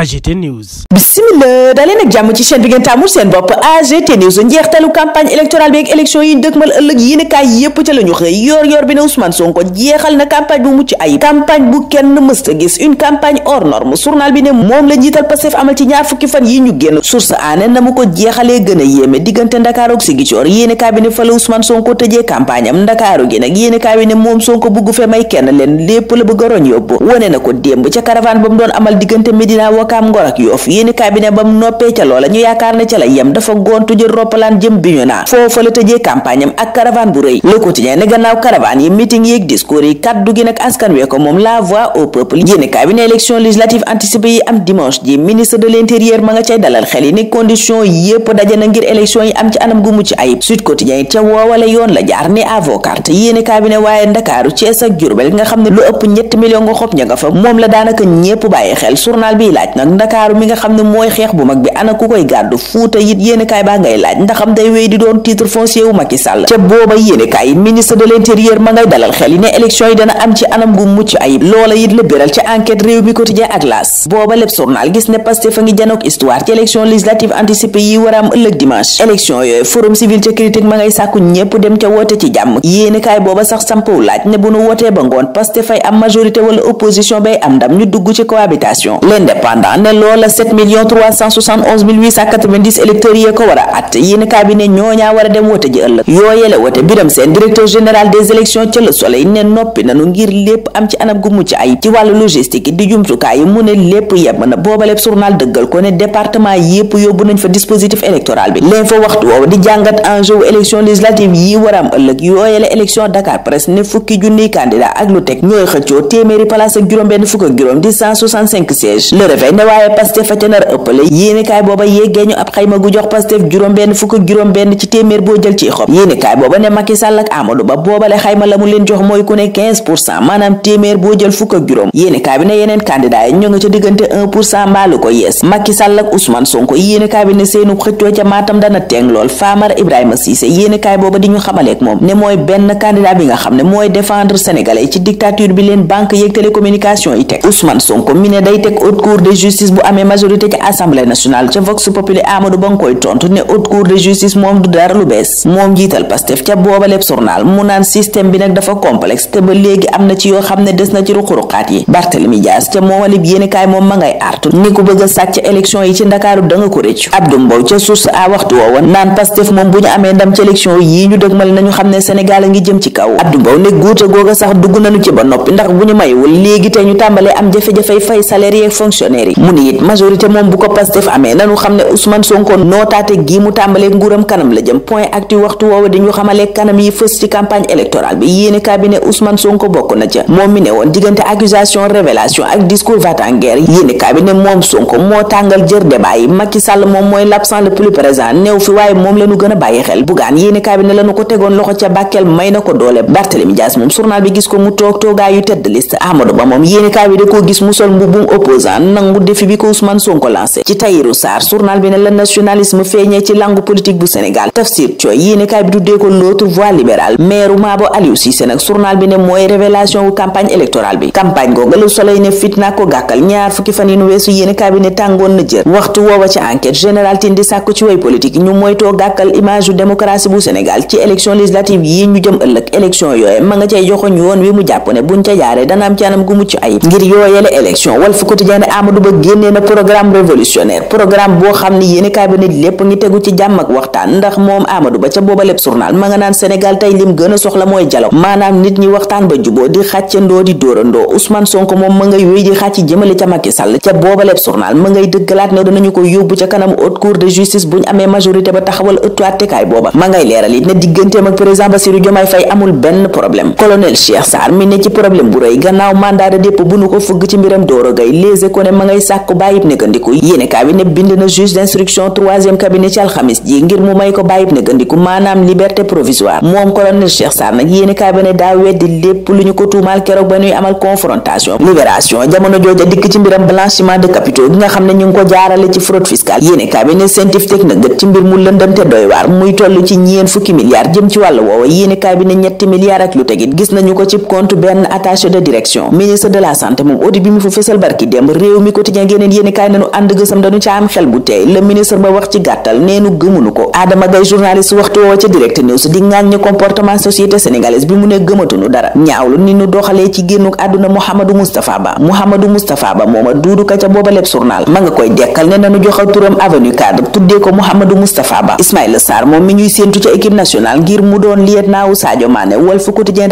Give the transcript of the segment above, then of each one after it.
AGT News. dalee nag jàmm ci chaîne bi ngeen taamul seen bopp AGT News njeextalu campagne électorale bi ak élection yi dëkkmal ëllëg yi bi ne Ousmane Sonko jeexal campagne bu mucc ayib campagne bu kenn mësta gis une campagne hors norme journal bi ne moom la njiital Pastef amal ci ñaar fukki fan yi ñu génn source aane na mu ko jeexalee gën a yéeme diggante Ndakaaru ak Sigicoor yéene bi ne fa la Ousmane Sonko tëjee campagne am Ndakaaru a wakaam ngor ak yoof yéeni bam noppee ca loola ñu yaakaar ne ca la yem dafa gontu jël roppalaan jëm Bignona foofa la tëjee campagne ak caravane bu rëy Le Quotidien ne gannaaw caravane yi meeting yi discours yi kaddu gi nag askan wee moom la voix au peuple yéeni cabinet élection législative anticipée yi am dimanche ji ministre de l'intérieur ma nga cay dalal xel yi ne condition yépp daje na ngir élection yi am ci anam gu mucc ayib Sud nag ndakaaru mi nga xam ne mooy xeex bu mag bi ana ku koy gàddu fuuta it yéenekaay baa ngay laaj ndaxam day wéy di doon titre foncier wu Macky ca booba yéenekaay ministre de l'intérieur ma ngay dalal xel yi ne élection yi dana am ci anam gu mucc ayib loola it la béral ca enquête réew mi quotidien ak laas booba lépp journal gis ne Pastef a ngi janook histoire ci élection législative anticipée yi war am ëllëg dimanche élection yooyu forum ci l'indépendant ne loola 7 millions 371 mille 890 électeurs yi ko war a at yéen kaa bi ne war a dem wote ji ëllëg yooyele wote biram seen directeur général des élections ci Soleil ne noppi nanu ngir lépp am ci anam gu mucc ay ci wàllu logistique di jumtukaay yi mu ne lépp yem na boobaleb journal dëggal ko ne département yépp yóbbu nañ fa dispositif électoral bi leen fa waxtu woowu di jàngat enjeu élection législative a am ëllëg yooyele élection Dakar Presse ne fukki junniy candidat doy na waaye pastef a ca nar ëppale yéenekaay booba yéggee ñu ab xayma gu jox pastef juróom-benn fukk ak juróom-benn ci téeméer boo jël ciy xob yéenekaay leen jox mooy ku ne pour cent maanaam téeméer boo jël fukk ak juróom yéenekaay bi ne yeneen candidat yi ñoo nga ca diggante 1 pour cent mbaalu ko yees Macky Sall ak Ousmane Sonko yéenekaay bi ne seenu xëccoo ca Matam dana teeng lool Famara a Cissé yéenekaay booba di ñu xamaleek moom ne mooy benn candidat bi nga xam ne mooy défendre sénégalais ci dictature bi leen banque yeeg télécommunication yi teg Ousmane Sonko justice bu amee majorité ci assemblée nationale ca vox populi amadou ba nga koy tontu ne haute cour de justice moom du dara lu bees moom jiital pastef ca boobaleb journal ma ngay source a waxtu woowa naan pastef moom bu ñu amee ndam ci élection yii ñu dëgmal nañu xam ne sénégal a ngi jëm ci kaw Abdou Mbow ne guute googa sax dugg nañu ci ba noppi ndax bu ñu maywul léegi te ñu tàmbalee am jafe-jafey fay salaire yeeg bëri mu ne it majorité moom bu ko Pastef amee nanu xam ne Ousmane Sonko nootaate gi mu tàmbalee nguuram kanam la jëm point actu waxtu woowu dañu xamale kanam yi fës ci campagne électorale bi yéene cabinet Ousmane Sonko bokk na ca moom mi ne woon diggante accusation révélation ak discours va-t-en-guerre yéene cabinet moom Sonko moo tàngal jër débat yi Macky Sall moom mooy l'absent le plus présent néew fi waaye moom la ñu a bàyyi xel bu défi bi ko Ousmane Sonko lancé ci Tahirou Sarr journal bi ne la nationalisme feeñee ci langue politique bu Sénégal Tafsir Thioye yéenekaay bi tuddee ko l'autre voie libérale maire Mabo Aliou Cissé nag journal bi ne mooy révélation campagne électorale bi campagne googu ko gàkkal ñaar fukki fan yi nu weesu yéenekaay bi ne tàngoon na jër waxtu woowa ci enquête général Tindi sàkku ci way politique ñu moytoo gàkkal image yu démocratie bu Sénégal ci élection législative yi ñu jëm ëllëg élection yooye ma nga cay wi mu jàpp ne buñ ca jaaree dana am ci anam gu mucc ayib ngir Sonko génnee na programme révolutionnaire programme boo xam ni yéenekaay bi ne lépp ngi tegu ci jàmm ak waxtaan ndax moom Amadou Ba ca booba lépp journal ma nga naan Sénégal tey lim gën a soxla mooy dialogue maanaam nit waxtaan ba juboo di xàccandoo di dóorandoo Ousmane Sonko moom ma ngay wéy di xàcc jëmale ca Macky Sall ca booba lépp journal ma ngay dëggalaat ne danañu ko yóbbu ca kanam haute cour de justice bu ñu amee majorité ba taxawal ëttu àttekaay booba ma ngay leeral it ne digganteem ak président Bassirou Diomaye Faye amul benn problème colonel Cheikh Sarr mi ne ci problème bu rëy gannaaw mandat de dépôt bu nu ko fugg ci mbiram Doro Gaye Les Échos ne lay sàkku bàyyib négandiku yéenekaay bi bind na juge d'instruction troisième cabinet ci alxamis ji ngir mu may ko bàyyib négandiku maanaam liberté provisoire moom colonel Cheikh Sarr nag yéenekaay bi ne daa weddi lépp lu ñu ko tuumaal keroog ba ñuy amal confrontation libération jamono jooja dikk ci mbiram blanchiment de capitaux bi nga xam ne ñu ngi ko jaarale ci fraude fiscale yéenekaay bi ne scientifique na ci mbir mu lëndëm doy waar muy toll quotidien géneen yéeni kaay nañu ànd gësam dañu ca am xel bu teey le ministre ba wax ci gàttal neenu gëmunu ko Adama Gaye journaliste waxtu woowa ca direct news di ŋàññi comportement société sénégalaise bi mu ne gëmatunu dara ñaawlu ni nu doxalee ci génnuk àdduna Mouhamadou Moustapha Ba Mouhamadou Moustapha Ba ca booba lépp journal ma nga koy dekkal ne nañu joxa turam avenue cadre tuddee ko Mouhamadou Moustapha Ba Ismaïla Sarr moom mi ñuy séentu ca équipe nationale ngir mu doon lieutenant wu Sadio Mané Walf Quotidien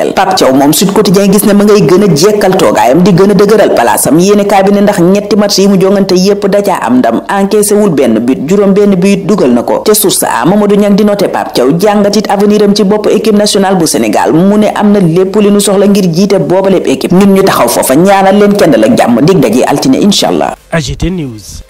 xel Pape Thiaw moom Sud Quotidien gis ne ma ngay gën a jekkal toogaayam di gën a dëgëral palaasam yéene kaay bi ne ndax ñetti match yi mu jongante yépp dacaa am ndam encaissé wul benn but juróom benn but dugal na ko te source a Mamadou Niang di noté Pape Thiaw jàngatit avenir am ci bopp équipe nationale bu Sénégal mu ne am na lépp li nu soxla ngir jiite boobaleb équipe ñun ñu taxaw foofa ñaanal leen kenn la jàmm dig daje altine incha allah AGT News